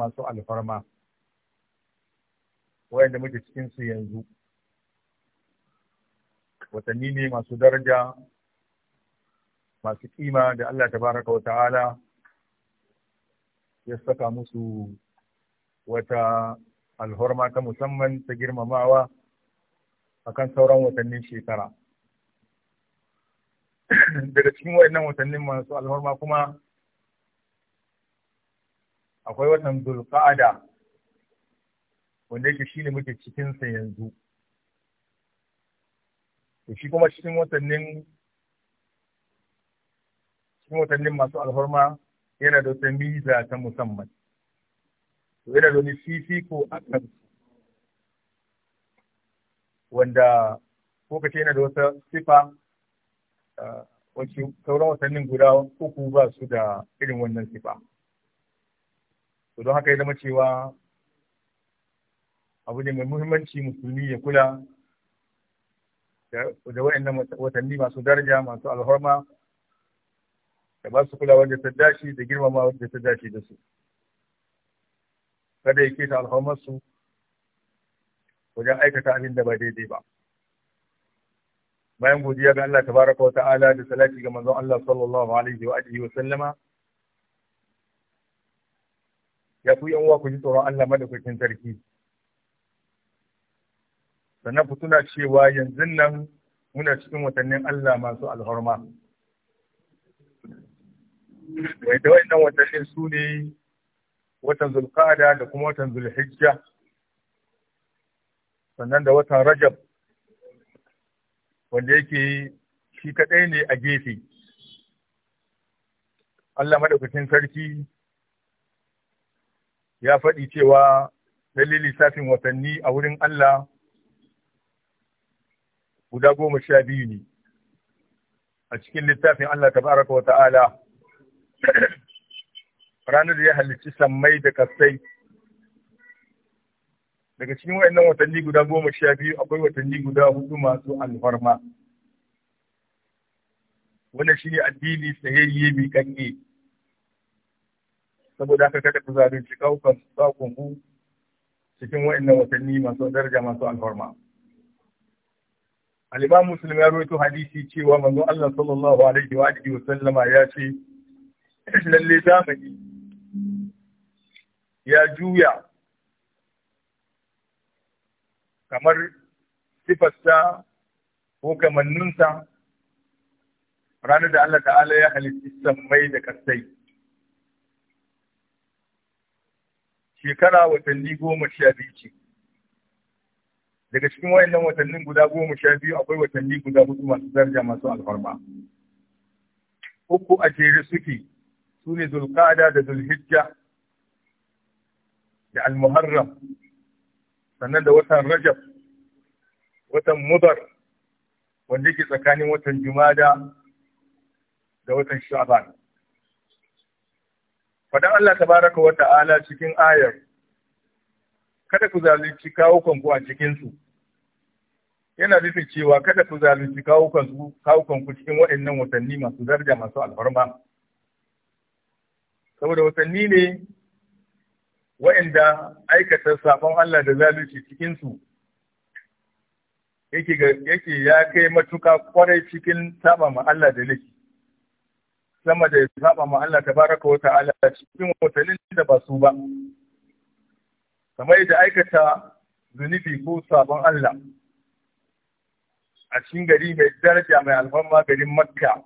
masu alfarma wayanda muke cikin su yanzu watanni ne masu daraja masu kima da Allah tabaraka wa ta'ala ya saka musu wata alhorma ta musamman ta girmamawa a kan sauran watannin shekara daga cikin wayannan watannin masu alhorma kuma akwai watan zulqa'ada wanda yake shi ne muke cikinsa yanzu to shi kuma cikin watannin cikin watannin masu alfarma yana da wata miza ta musamman to yana da wani fifiko a kan wanda ko kace yana da wata sifa eh, wacce sauran watannin guda uku ba su da irin wannan sifa to don haka ya zama cewa abu ne mai muhimmanci musulmi ya kula da waɗannan watanni masu daraja masu alhorma da ba su kula wanda ta dashi da girmama wanda ta dashi da su kada ya keta alhormarsu wajen aikata abin da ba daidai ba bayan godiya ga Allah tabaraka wa ta'ala da salati ga manzon Allah sallallahu alaihi wa alihi wa sallama ya ku yan uwa ku ji tsoron Allah madaukakin sarki sannan ku tuna cewa yanzu nan muna cikin watannin Allah masu alhorma wai da wannan watannin su ne watan zulqada da kuma watan zulhijja sannan da watan rajab wanda yake shi kadai ne a gefe Allah madaukakin sarki ya faɗi cewa lalle lissafin watanni a wurin Allah guda goma sha biyu ne a cikin littafin Allah ta baraka wa ta'ala ranar da ya halicci sammai da kasai daga cikin waɗannan watanni guda goma sha biyu akwai watanni guda hudu masu alfarma wannan ne addini tsayayye mai kanke saboda haka kada ku zalunci kaukan sakon ku cikin wa'annan watanni masu daraja masu alfarma al-imam muslim ya rawaito hadisi cewa manzon Allah sallallahu alaihi wa alihi wa sallama ya ce lalle zamani ya juya kamar sifasta ko kamanninsa ranar da Allah ta'ala ya halitta mai da kasai shekara watanni goma sha biyu ce daga cikin wayannan watannin guda goma sha biyu akwai watanni guda hudu masu daraja masu alfarma uku a jere suke su ne zulkada da zulhijja da almuharram sannan da watan rajab watan mudar wanda ke tsakanin watan jumada da watan sha'ban Fadan Allah Ta baraka wa ta'ala cikin ayar, kada ku zalunci kanku a cikinsu, yana nufin cewa kada ku zalunci kanku cikin waɗannan watanni masu zarja masu alfarma. Saboda watanni ne waɗanda aikata safon Allah da zalunci cikinsu yake ya kai matuka kwarai cikin saba ma Allah da laifi. sama da ya saba ma Allah tabaraka wa ta'ala cikin watannin da ba su ba kamar yadda aikata zunubi ko sabon Allah a cikin gari mai daraja mai alfamma garin Makka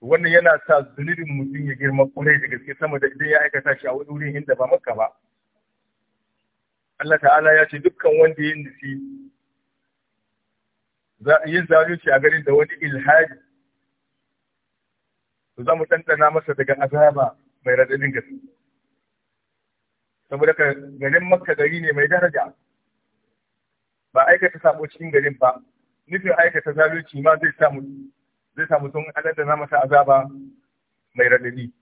wannan yana sa zunubin mutum ya girma kwarai da gaske sama da idan ya aikata shi a wurin inda ba Makka ba Allah ta'ala ya ce dukkan wanda yin nufi yin zalunci a garin da wani ilhadi za mu ɗanɗana masa daga azaba mai raɗaɗin gaske saboda ka garin makka gari ne mai daraja ba aikata sabo cikin garin ba nufin aikata zalunci ma zai samu zai samu sun ɗanɗana masa azaba mai raɗaɗi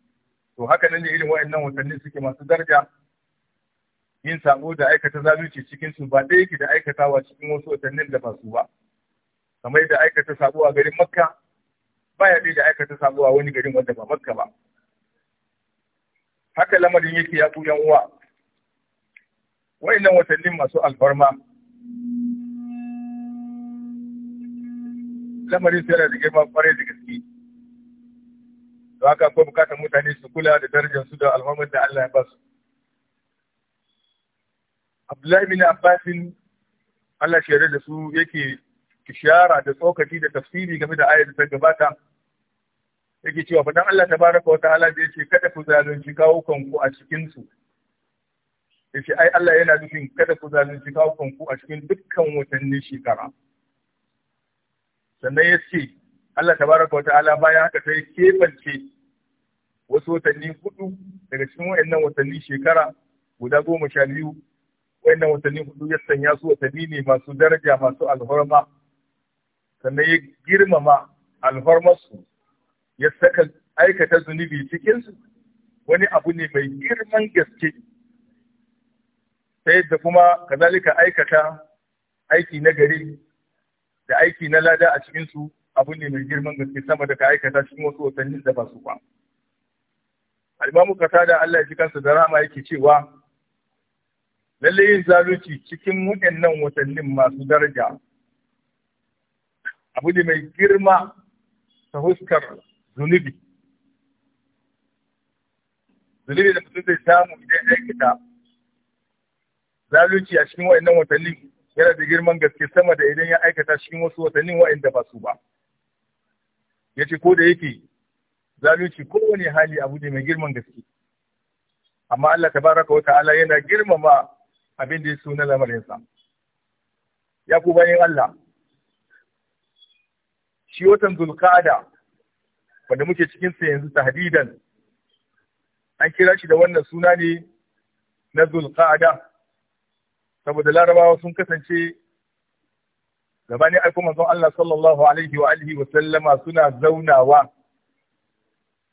to haka nan ne irin wa'annan watanni suke masu daraja yin sabo da aikata zalunci cikin su ba ɗaya yake da aikatawa cikin wasu watannin da ba su ba kamar da aikata sabo a garin makka baya ɗaya da aikata sabuwa wani garin wanda ba makka ba haka lamarin yake ya yan uwa wa'annan watanni masu alfarma lamarin sai da girman kwarai da gaske to haka ko bukatar mutane su kula da darajar su da alhamar da Allah ya ba su Abdullahi bin Abbasin Allah shi da su yake ishara da tsokaci da tafsiri game da ayar da ta gabata yake cewa dan Allah tabaraka wa ta'ala da yace kada ku zalunci kawo kanku a cikin su yace ai Allah yana nufin kada ku zalunci kawo kanku a cikin dukkan watannin shekara sannan yace Allah tabaraka wa ta'ala bayan haka sai kebance wasu watanni hudu daga cikin wayannan watanni shekara guda goma sha biyu wayannan watanni hudu ya sanya su watanni ne masu daraja masu alhurma sannan ya girmama alfarmarsu ya saka aikata zunubi cikinsu wani abu ne mai girman gaske ta yadda kuma kazalika aikata aiki na gari da aiki na lada a cikinsu abu ne mai girman gaske sama da ka aikata cikin wasu watannin da ba su ba. Alimamu kasa da Allah ya ji kansa da rama yake cewa lallai yin zalunci cikin waɗannan watannin masu daraja abu ne mai girma ta huskar zunubi zunubi da mutum zai samu idan ya aikata Zaluci a cikin wa'annan watanni yana da girman gaske sama da idan ya aikata cikin wasu watannin wa'anda ba su ba ya ce ko da yake zalunci kowane hali abu ne mai girman gaske amma Allah ta baraka wata ala yana girmama abin da ya suna na lamarinsa ya ku bayan Allah shi watan zulkada wanda muke cikin sa yanzu tahdidan an kira shi da wannan suna ne na zulkada saboda larabawa sun kasance gabanin aiko manzon Allah sallallahu alaihi wa alihi wa sallama suna zaunawa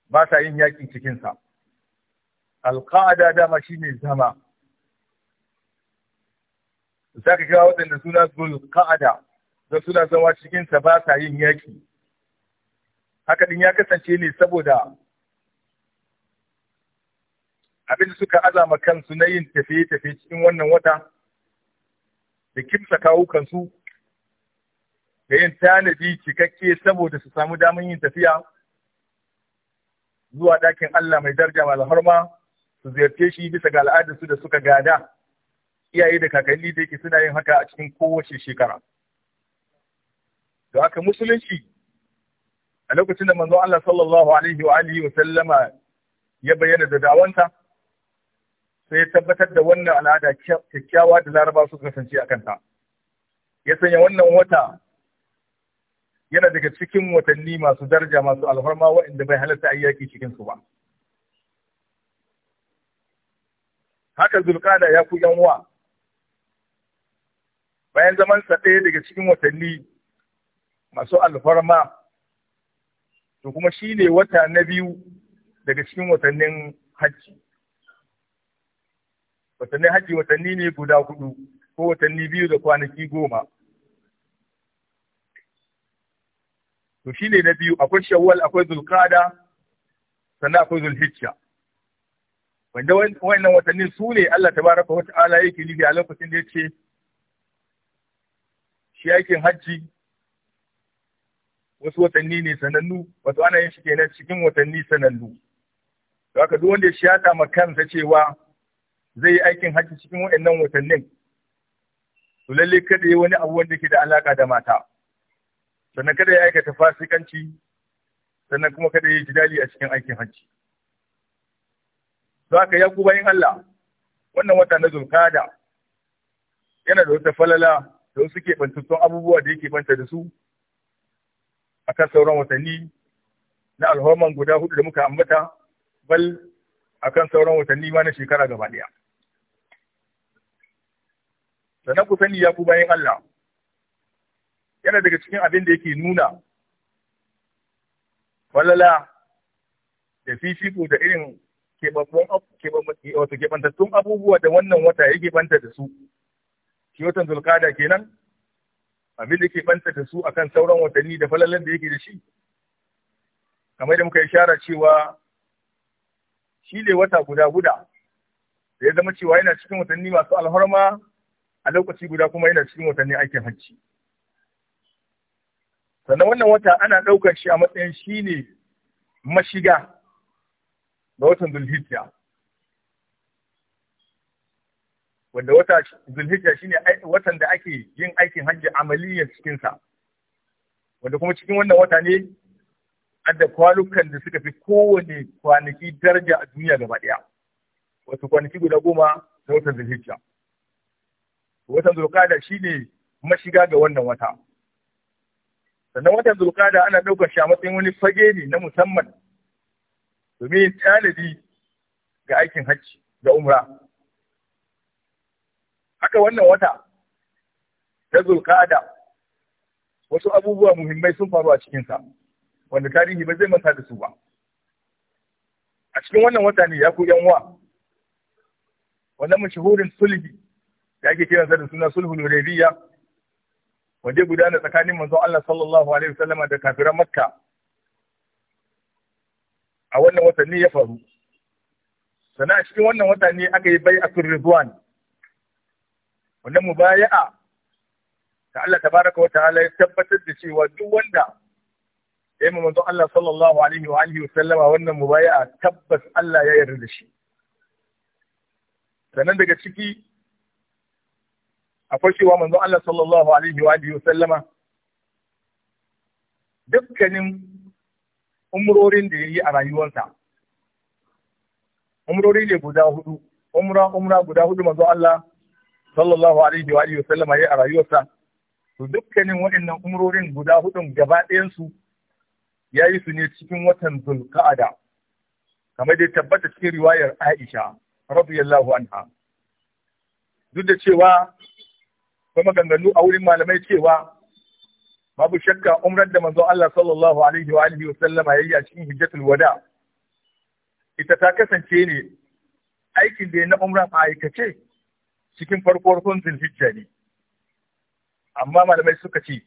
ba sa yin yakin cikin sa alqada dama shine zama zaka kira waɗanda suna zulkada don suna zama cikinsa ba sa yin yaki haka din ya kasance ne saboda abin suka azama kansu na yin tafiye-tafiye cikin wannan wata da kimsa kawo kansu da yin tanadi cikakke saboda su samu damar yin tafiya zuwa ɗakin Allah mai darja alharma su ziyarce shi bisa ga al'adarsu da suka gada iyaye da kakanni da yake suna yin haka a cikin kowace shekara. da haka musulunci a lokacin da manzon Allah sallallahu alaihi wa alihi wa sallama ya bayyana da dawanta sai ya tabbatar da wannan al'ada kyakkyawa da laraba suka kasance a kanta ya sanya wannan wata yana daga cikin watanni masu daraja masu alfarma waɗanda bai halatta ayyaki cikin su ba haka zulkada ya ku yan uwa bayan zaman sa ɗaya daga cikin watanni masu alfarma to kuma shi ne wata na biyu daga cikin watannin hajji watannin hajji watanni ne guda hudu ko watanni biyu da kwanaki goma to shi ne na biyu akwai shawwal akwai zulkada sannan akwai zulhijja wanda wannan watannin su ne Allah tabaraka wa ta'ala yake nufi a lokacin da ya ce shi aikin hajji wasu watanni ne sanannu wato ana yin shi kenan cikin watanni sanannu to haka duk wanda ya shata ma kansa cewa zai yi aikin hajji cikin wa'annan watannin to lalle kada yi wani abu wanda ke da alaka da mata sannan kada ya aikata fasikanci sannan kuma kada ya yi jidali a cikin aikin hajji to haka ya bayin Allah wannan wata na zulkada yana da wata falala da wasu ke bantattun abubuwa da yake banta da su akan sauran watanni na alhorman guda hudu da muka ambata bal akan sauran watanni ma na shekara gaba daya sannan ku sani ya ku bayan Allah yana daga cikin abin da yake nuna falala da fifiko da irin kebantattun abubuwa da wannan wata yake banta da su shi watan zulkada kenan abin da ke banta da su akan sauran watanni da falalan da yake da shi kamar da muka shara cewa shi ne wata guda guda da ya zama cewa yana cikin watanni masu alhorma a lokaci guda kuma yana cikin watanni aikin hajji sannan wannan wata ana ɗaukar shi a matsayin shi ne mashiga da watan zulhijja wanda wata zulhijja shine watan da ake yin aikin hajji amaliyar cikin sa wanda kuma cikin wannan wata ne adda kwalukan da suka fi kowane kwanaki daraja a duniya gaba daya wato kwanaki guda goma na watan zulhijja watan zulqada shine mashiga ga wannan wata sannan watan zulqada ana daukar shi a matsayin wani fage ne na musamman domin talibi ga aikin hajji da umra haka wannan wata ta zulkada wasu abubuwa muhimmai sun faru a cikinsa wanda tarihi ba zai manta da su ba a cikin wannan wata ne ya ku yan wa wannan mashahurin sulhi da ake kiransa da suna sulhul hudaybiyya wanda gudana tsakanin manzon Allah sallallahu alaihi wasallam da kafiran Makka a wannan watanni ya faru sana cikin wannan watanni aka yi bai'atul ridwan wannan mubaya'a da Allah tabaraka wa ta'ala ya tabbatar da cewa duk wanda ya yi manzon Allah sallallahu alaihi wa alihi sallama wannan mubaya'a tabbas Allah ya yarda da shi sannan daga ciki akwai cewa manzon Allah sallallahu alaihi wa alihi sallama dukkanin umrorin da ya yi a rayuwarsa umrori ne guda hudu umra umra guda hudu manzon Allah sallallahu alaihi wa sallama ya a rayuwarsa to dukkanin waɗannan umrorin guda hudun gaba ɗayansu ya yi su ne cikin watan zulka'ada kamar da tabbata cikin riwayar aisha radiyallahu anha duk da cewa kuma maganganu a wurin malamai cewa babu shakka umrar da manzon Allah sallallahu alaihi wa alihi wa sallama yayi a cikin hijjatul wada ita ta kasance ne aikin da na umra a aikace cikin farko farkon zilhijja ne amma malamai suka ce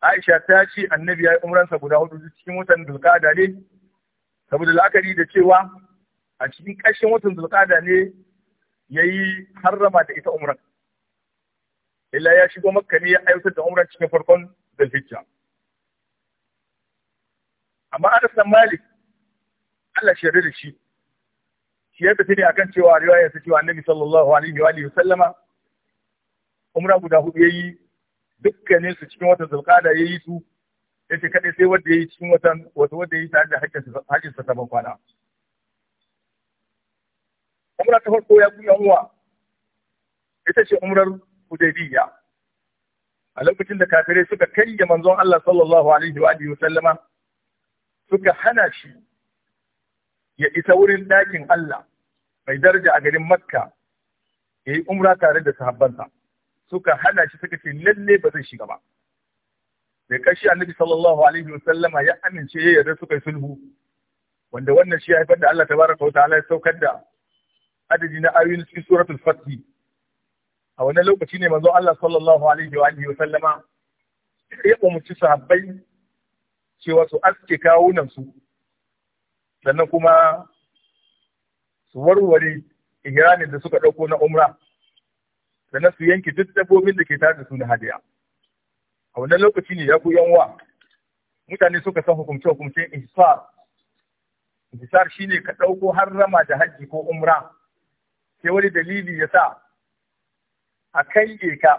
Aisha ta ce annabi ya yi umransa guda hudu cikin watan zulkada ne saboda la'akari da cewa a cikin ƙarshen watan zulkada ne ya yi harrama da ita umran illa ya shigo makka ne ya aiwatar da umran cikin farkon zulhijja amma Anas Malik Allah shi da shi shi ya tafi ne akan cewa riwayar sa cewa annabi sallallahu alaihi wa alihi sallama umra guda hudu yi dukkanin su cikin watan ya yi su ya ce kadai sai wanda yi cikin watan wato wanda yi tare da hajjin sa ta kwana umra ta farko ya kuya uwa ita ce umrar hudaybiya a lokacin da kafirai suka karya manzon Allah sallallahu alaihi wa alihi sallama suka hana shi ya isa wurin ɗakin Allah mai daraja a garin Makka ya yi umra tare da sahabbansa suka hana shi suka ce lalle ba zai shiga ba da kashi annabi sallallahu alaihi wa sallama ya amince ya yarda suka yi sulhu wanda wannan shi ya haifar da Allah tabaraka wa ta'ala ya saukar da adadi na ayoyin cikin suratul fath a wannan lokaci ne manzo Allah sallallahu alaihi wa wa sallama ya umarci sahabbai cewa su aske kawunan su sannan kuma su warware igiranin da suka ɗauko na umra sannan su yanke duk dabbobin da ke tare da su na hadiya a wannan lokaci ne ya ku yanwa mutane suka san hukumce hukumce ihsar ihsar shine ka ɗauko har rama da hajji ko umra sai wani dalili ya sa a kai ka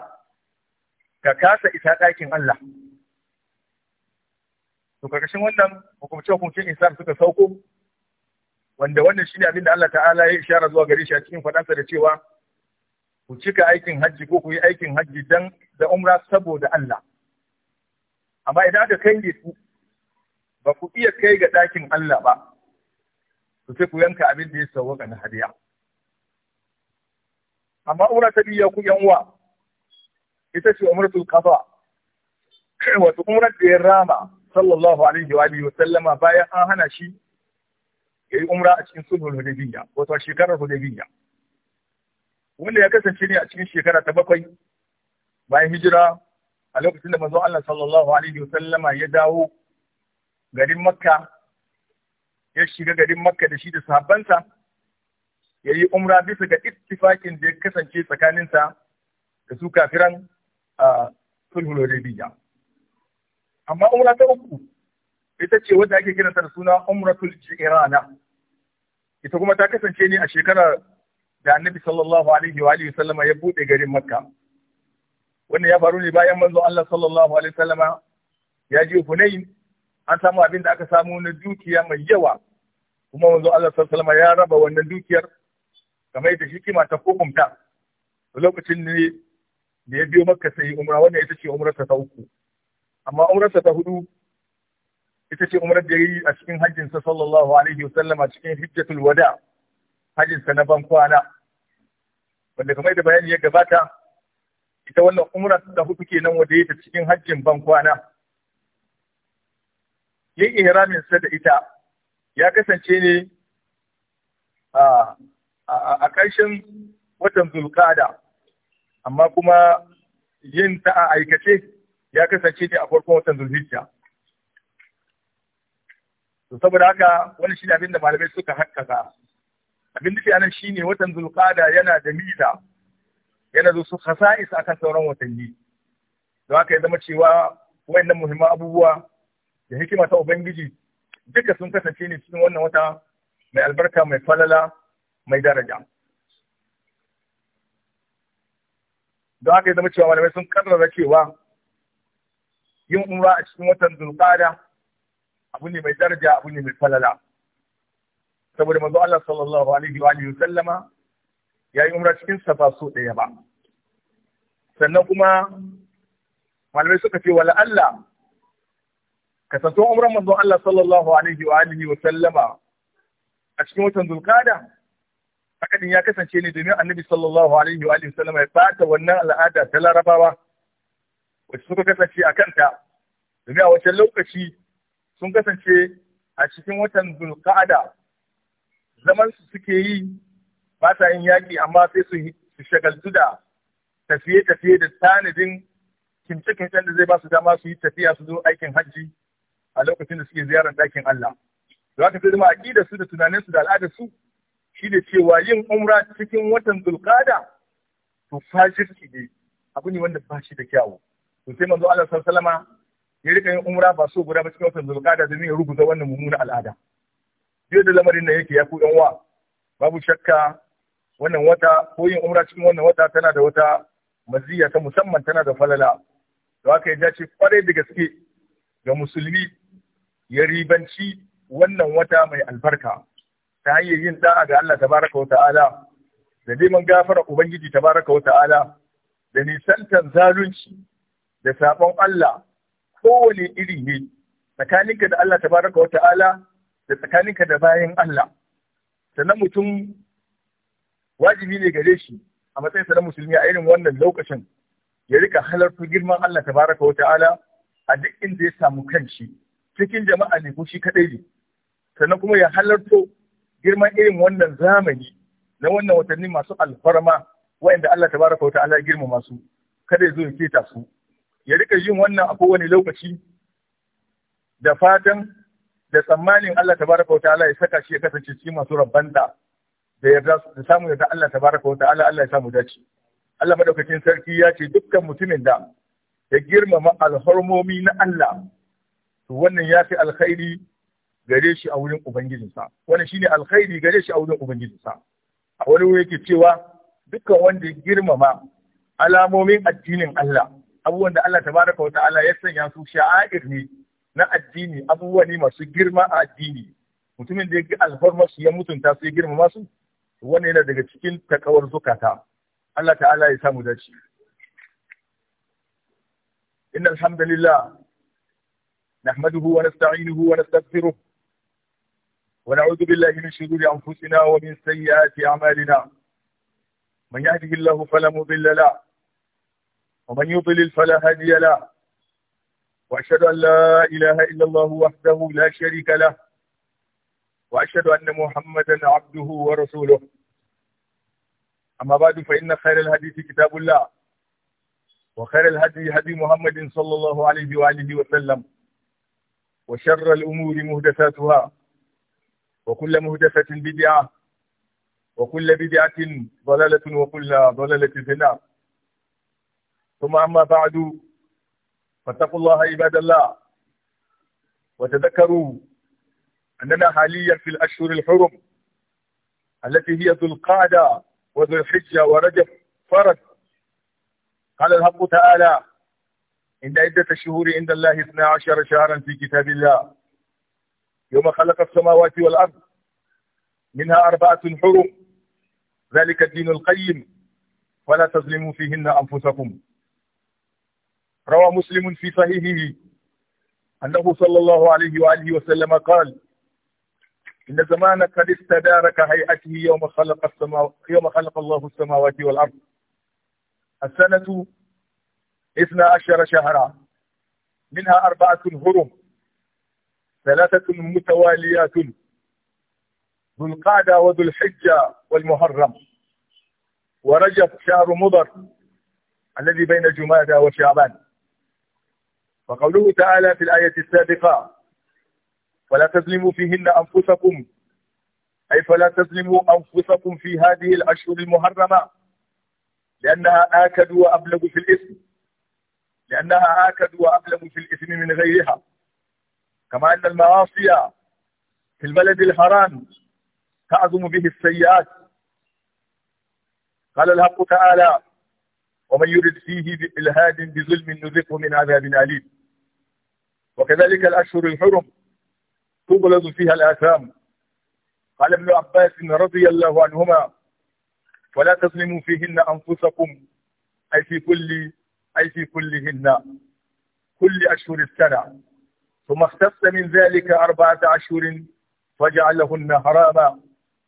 ka kasa isa ɗakin Allah to karkashin wannan hukumce hukumce ihsar suka sauko wanda wannan shine abin da Allah ta'ala ya ishara zuwa gare shi a cikin fadansa da cewa ku cika aikin hajji ko ku yi aikin hajji dan da umra saboda Allah amma idan aka ne ku ba ku iya kai ga ɗakin Allah ba su sai ku yanka abin da ya sawwaka na hadiya amma umra ta biya ku yan uwa ita ce umratul kafa wato umrar da ya rama sallallahu alaihi wa sallama bayan an hana shi ya yi umra a cikin sulhul hudaybiyya wato shekarar hudaybiyya wanda ya kasance ne a cikin shekara ta bakwai bayan hijira a lokacin da manzon Allah sallallahu alaihi wasallama ya dawo garin Makka ya shiga garin Makka da shi da sahabbansa ya yi umra bisa ga ittifakin da ya kasance tsakaninsa da su kafiran sulhul hudaybiyya amma umra ta uku ita ce wadda ake kiranta da suna umratul jirana ita kuma ta kasance ne a shekarar da annabi sallallahu alaihi wa alihi sallama ya bude garin makka wannan ya faru ne bayan manzo Allah sallallahu alaihi sallama ya ji hunain an samu abin da aka samu na dukiya mai yawa kuma manzo Allah sallallahu alaihi sallama ya raba wannan dukiyar kamar yadda shi kima ta hukumta lokacin ne da ya biyo makka sai umra wannan ita ce umrarsa ta uku amma umrarsa ta hudu ita ce umar da ya yi a cikin hajjinsa sallallahu alaihi wa a cikin hijjatul wada hajjinsa na ban kwana wanda kamar da bayani ya gabata ita wannan umar da hudu kenan wanda ya ta cikin hajjin ban kwana yayi ihramin sa da ita ya kasance ne a a ƙarshen watan zulkada amma kuma yin ta a aikace ya kasance ne a farkon watan zulhijja to saboda haka wani shi abin da malamai suka hakkaka abin da nan anan ne watan zulƙada yana da mila yana da su a akan sauran watanni don haka ya zama cewa wayannan muhimman abubuwa da hikima ta ubangiji duka sun kasance ne cikin wannan wata mai albarka mai falala mai daraja don haka ya zama cewa malamai sun karrara cewa yin umra a cikin watan zulƙada. abu ne mai daraja abu ne mai falala saboda manzo Allah sallallahu alaihi wa alihi sallama yayi umra cikin safa so daya ba sannan kuma malamai suka ce wala Allah kasanto umran manzo Allah sallallahu alaihi wa alihi wa sallama a cikin watan zulkada akadin ya kasance ne domin annabi sallallahu alaihi wa alihi sallama ya bata wannan al'ada ta larabawa wacce suka kasance a kanta domin a wancan lokaci sun kasance a cikin watan zulka'ada zaman su suke yi ba sa yin yaƙi amma sai su shagaltu da tafiye-tafiye da tanadin kimce-kimcen da zai ba su dama su yi tafiya su zo aikin hajji a lokacin da suke ziyarar ɗakin Allah. Da haka sai zama aƙidar su da tunanin su da al'adar su shi da cewa yin umra cikin watan zulka'ada to fashirki ne abu ne wanda ba shi da kyawu. To sai manzo Allah sallallahu alaihi ya rika yin umra ba so guda ba cikin watan zulqa'ada da ya rubuta wannan mummunan al'ada yau da lamarin da yake ya ku yan wa babu shakka wannan wata ko yin umra cikin wannan wata tana da wata maziya ta musamman tana da falala da haka ya dace kwarai da gaske ga musulmi ya ribanci wannan wata mai albarka ta hanyar yin da'a ga Allah tabaraka wa ta'ala da neman gafara ubangiji tabaraka wa ta'ala da nisantan zalunci da sabon Allah kowane iri ne tsakaninka da Allah tabaraka wa ta'ala da tsakaninka da bayan Allah sannan mutum wajibi ne gare shi a matsayinsa na musulmi a irin wannan lokacin ya rika halarta girman Allah tabaraka wa ta'ala a duk inda ya samu kan shi. cikin jama'a ne ko shi kadai ne sannan kuma ya halarto girman irin wannan zamani na wannan watanni masu alfarma wa'inda Allah tabaraka wa ta'ala girma masu kada ya zo ya keta su ya rika yin wannan a kowane lokaci da fatan da tsammanin Allah tabaraka wa ta'ala ya saka shi ya kasance cikin masu rabbanta da yarda da samu yarda Allah tabaraka wa ta'ala Allah ya samu dace Allah madaukakin sarki ya ce dukkan mutumin da ya girmama alhormomi na Allah to wannan ya fi alkhairi gare shi a wurin ubangijinsa wannan shine alkhairi gare shi a wurin ubangijinsa a wani wuri yake cewa dukkan wanda ya girmama alamomin addinin Allah abubuwan da Allah tabaraka wa ta'ala ya sanya su sha'air ne na addini abubuwa ne masu girma a addini mutumin da ya ga alfarmar su ya mutunta su ya girmama su wannan yana daga cikin takawar zukata Allah ta'ala ya samu dace إن الحمد لله نحمده ونستعينه ونستغفره ونعوذ بالله من شرور أنفسنا ومن سيئات أعمالنا من يهده الله فلا مضل له ومن يضلل فلا هادي له وأشهد أن لا إله إلا الله وحده لا شريك له وأشهد أن محمدا عبده ورسوله أما بعد فإن خير الحديث كتاب الله وخير الهدي هدي محمد صلى الله عليه وآله وسلم وشر الأمور مهدثاتها وكل مهدثة بدعة وكل بدعة ضلالة وكل ضلالة في النار ثم أما بعد فاتقوا الله عباد الله وتذكروا أننا حاليا في الأشهر الحرم التي هي ذو القعدة وذو الحجة ورجف فرج قال الحق تعالى إن عدة الشهور عند الله 12 شهرا في كتاب الله يوم خلق السماوات والأرض منها أربعة حرم ذلك الدين القيم ولا تظلموا فيهن أنفسكم روى مسلم في صحيحه أنه صلى الله عليه وآله وسلم قال إن زمان قد استدار كهيئته يوم خلق السماو... يوم خلق الله السماوات والأرض السنة اثنا عشر شهرا منها أربعة هرم ثلاثة متواليات ذو القعدة وذو الحجة والمحرم ورجب شهر مضر الذي بين جمادى وشعبان وقوله تعالى في الآية السابقة فلا تظلموا فيهن أنفسكم أي فلا تظلموا أنفسكم في هذه الأشهر المحرمة لأنها آكد وأبلغ في الإثم لأنها آكد وأبلغ في الإثم من غيرها كما أن المعاصي في البلد الحرام تعظم به السيئات قال الحق تعالى ومن يرد فيه بإلهاد بظلم نذقه من عذاب أليم وكذلك الأشهر الحرم تبلد فيها الآثام قال ابن عباس رضي الله عنهما ولا تظلموا فيهن أنفسكم أي في كل أي في كلهن كل أشهر السنة ثم اختص من ذلك أربعة أشهر فجعلهن حراما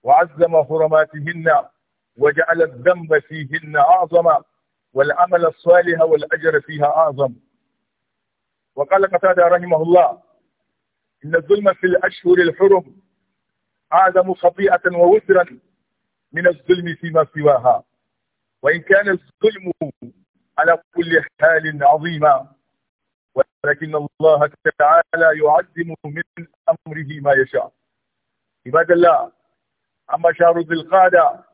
وعزم حرماتهن وجعل الذنب فيهن أعظم والعمل الصالح والأجر فيها أعظم وقال قتادة رحمه الله إن الظلم في الأشهر الحرم أعظم خطيئة ووسرا من الظلم فيما سواها وإن كان الظلم على كل حال عظيما ولكن الله تعالى يعظم من أمره ما يشاء عباد الله أما شهر ذي القعدة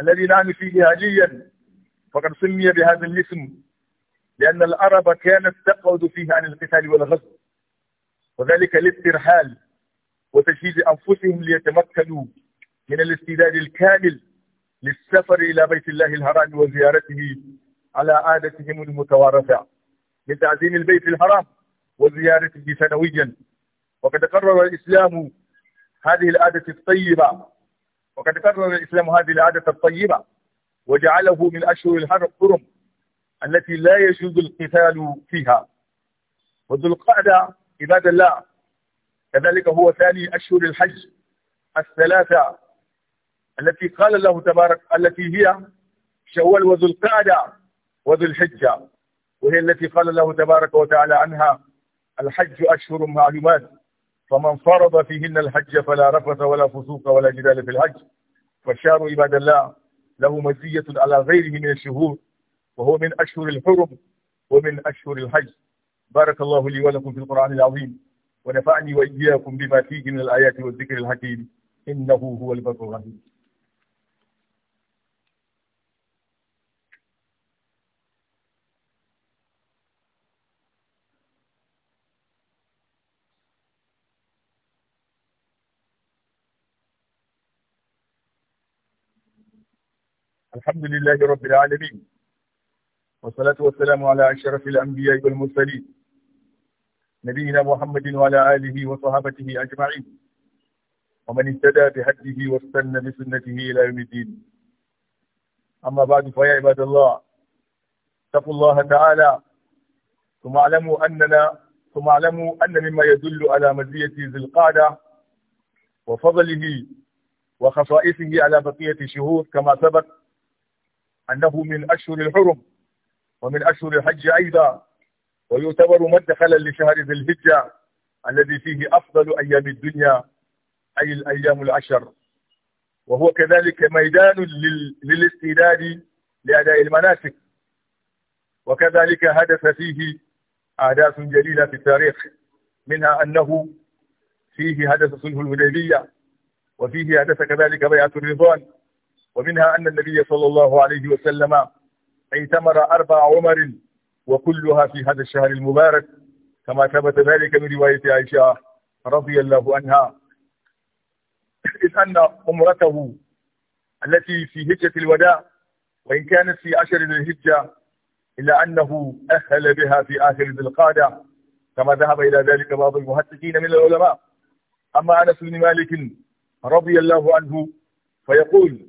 الذي نعني فيه هاليا فقد سمي بهذا الاسم لأن العرب كانت تقعد فيه عن القتال والغزو وذلك للترحال وتجهيز أنفسهم ليتمكنوا من الاستداد الكامل للسفر إلى بيت الله الحرام وزيارته على عادتهم المتوارثة من البيت الحرام وزيارته سنويا وقد قرر الإسلام هذه العادة الطيبة وقد قرر الإسلام هذه العادة الطيبة وجعله من أشهر الحرم التي لا يجوز القتال فيها وذو القعدة عباد الله كذلك هو ثاني أشهر الحج الثلاثة التي قال الله تبارك التي هي شوال وذو القعدة وذو الحجة وهي التي قال الله تبارك وتعالى عنها الحج أشهر معلومات فمن فرض فيهن الحج فلا رفث ولا فسوق ولا جدال في الحج فالشهر عباد الله له مزية على غيره من الشهور وهو من أشهر الحرم ومن أشهر الحج بارك الله لي ولكم في القرآن العظيم ونفعني وإياكم بما فيه من الآيات والذكر الحكيم إنه هو البر الرحيم الحمد لله رب العالمين والصلاة والسلام على أشرف الأنبياء والمرسلين نبينا محمد وعلى آله وصحابته أجمعين ومن اهتدى بهديه واستنى بسنته إلى يوم الدين أما بعد فيا عباد الله اتقوا الله تعالى ثم اعلموا أننا ثم اعلموا أن مما يدل على مزية ذي القعدة وفضله وخصائصه على بقية الشهور كما سبق أنه من أشهر الحرم ومن أشهر الحج أيضا ويعتبر مدخلا لشهر ذي الهجة الذي فيه أفضل أيام الدنيا أي الأيام العشر وهو كذلك ميدان للاستعداد لأداء المناسك وكذلك هدف فيه أحداث جليلة في التاريخ منها أنه فيه حدث صلح الهديبية وفيه حدث كذلك بيعة الرضوان ومنها أن النبي صلى الله عليه وسلم ثمر أربع عمر وكلها في هذا الشهر المبارك كما ثبت ذلك من رواية عائشة رضي الله عنها إذ أن عمرته التي في هجة الوداع وإن كانت في عشر ذي الهجة إلا أنه أهل بها في آخر ذي القادة كما ذهب إلى ذلك بعض المحدثين من العلماء أما أنس بن مالك رضي الله عنه فيقول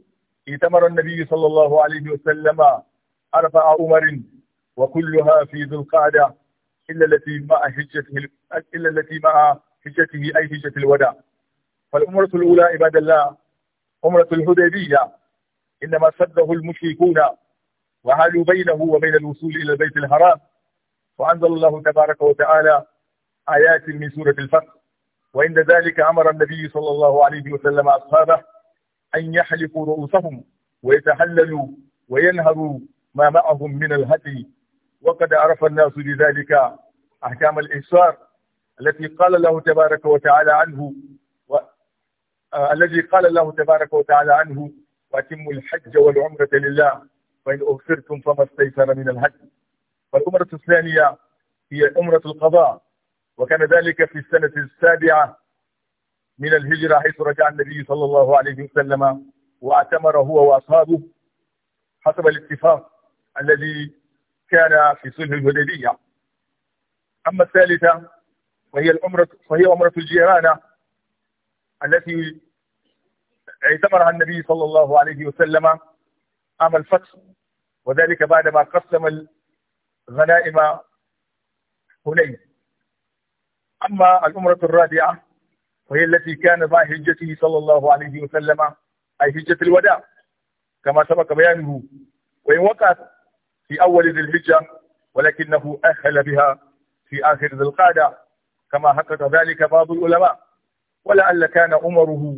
ائتمر النبي صلى الله عليه وسلم أربع أمر وكلها في ذو القعدة إلا التي مع حجته إلا التي مع حجته أي حجة الوداع فالأمرة الأولى عباد الله أمرة الهديبية إنما سده المشركون وحالوا بينه وبين الوصول إلى البيت الحرام وأنزل الله تبارك وتعالى آيات من سورة الفتح وعند ذلك أمر النبي صلى الله عليه وسلم أصحابه أن يحلقوا رؤوسهم ويتحللوا وينهروا ما معهم من الهدي وقد عرف الناس بذلك أحكام الإنصار التي قال له تبارك وتعالى عنه و... آه الذي قال الله تبارك وتعالى عنه وأتموا الحج والعمرة لله فإن أغفرتم فما استيسر من الهدي فالأمرة الثانية هي أمرة القضاء وكان ذلك في السنة السابعة من الهجرة حيث رجع النبي صلى الله عليه وسلم واعتمر هو وأصحابه حسب الاتفاق الذي كان في صلح الهديبية أما الثالثة وهي الأمرة وهي أمرة الجيرانة التي اعتبرها النبي صلى الله عليه وسلم عام الفتح وذلك بعدما قسم الغنائم هنين أما الأمرة الرابعة وهي التي كان مع هجته صلى الله عليه وسلم أي هجة الوداع كما سبق بيانه وإن وقعت في أول ذي الحجة ولكنه أهل بها في آخر ذي القعدة كما حقق ذلك بعض العلماء ولعل كان أمره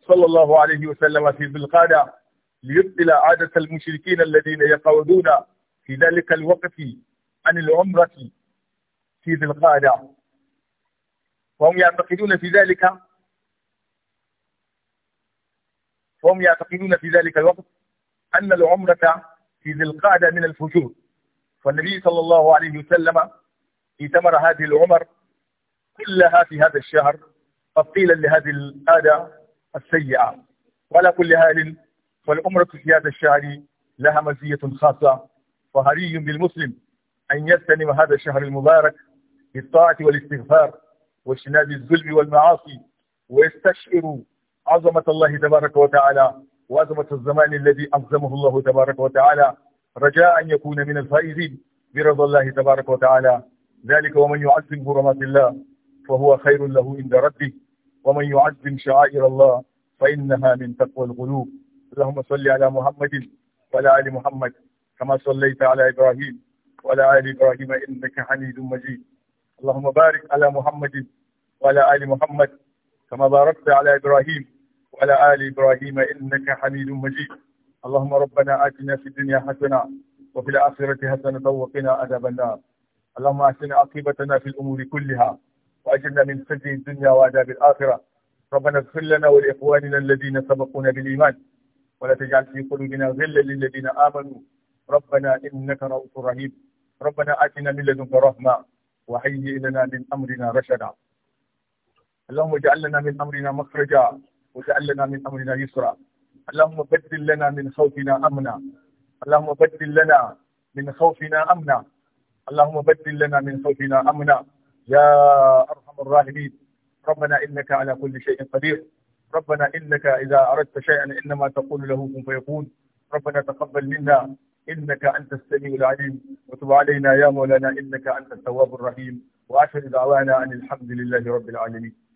صلى الله عليه وسلم في ذي القعدة ليبطل عادة المشركين الذين يقعدون في ذلك الوقت عن العمرة في ذي القعدة وهم يعتقدون في ذلك وهم يعتقدون في ذلك الوقت أن العمرة في ذي القعدة من الفجور فالنبي صلى الله عليه وسلم اتمر هذه العمر كلها في هذا الشهر تبطيلا لهذه العادة السيئة وعلى كل حال فالعمرة في هذا الشهر لها مزية خاصة فهري بالمسلم أن يغتنم هذا الشهر المبارك بالطاعة والاستغفار واجتناب الظلم والمعاصي ويستشعر عظمة الله تبارك وتعالى وأزمة الزمان الذي أنظمه الله تبارك وتعالى رجاء أن يكون من الفائزين برضا الله تبارك وتعالى ذلك ومن يعزم حرمات الله فهو خير له عند ربه ومن يعزم شعائر الله فإنها من تقوى القلوب اللهم صل على محمد وعلى آل محمد كما صليت على إبراهيم وعلى آل إبراهيم إنك حميد مجيد اللهم بارك على محمد وعلى آل محمد كما باركت على إبراهيم وعلى آل إبراهيم إنك حميد مجيد اللهم ربنا آتنا في الدنيا حسنة وفي الآخرة حسنة وقنا عذاب النار اللهم أحسن عاقبتنا في الأمور كلها وأجرنا من خزي الدنيا وعذاب الآخرة ربنا اغفر لنا ولإخواننا الذين سبقونا بالإيمان ولا تجعل في قلوبنا غلا للذين آمنوا ربنا إنك رؤوف رحيم ربنا آتنا من لدنك رحمة وهيئ لنا من أمرنا رشدا اللهم اجعل لنا من أمرنا مخرجا وجعل لنا من أمرنا يسرا اللهم بدل لنا من خوفنا أمنا اللهم بدل لنا من خوفنا أمنا اللهم بدل لنا من خوفنا أمنا يا أرحم الراحمين ربنا إنك على كل شيء قدير ربنا إنك إذا أردت شيئا إنما تقول له كن فيكون ربنا تقبل منا إنك أنت السميع العليم وتب علينا يا مولانا إنك أنت التواب الرحيم وآخر دعوانا أن الحمد لله رب العالمين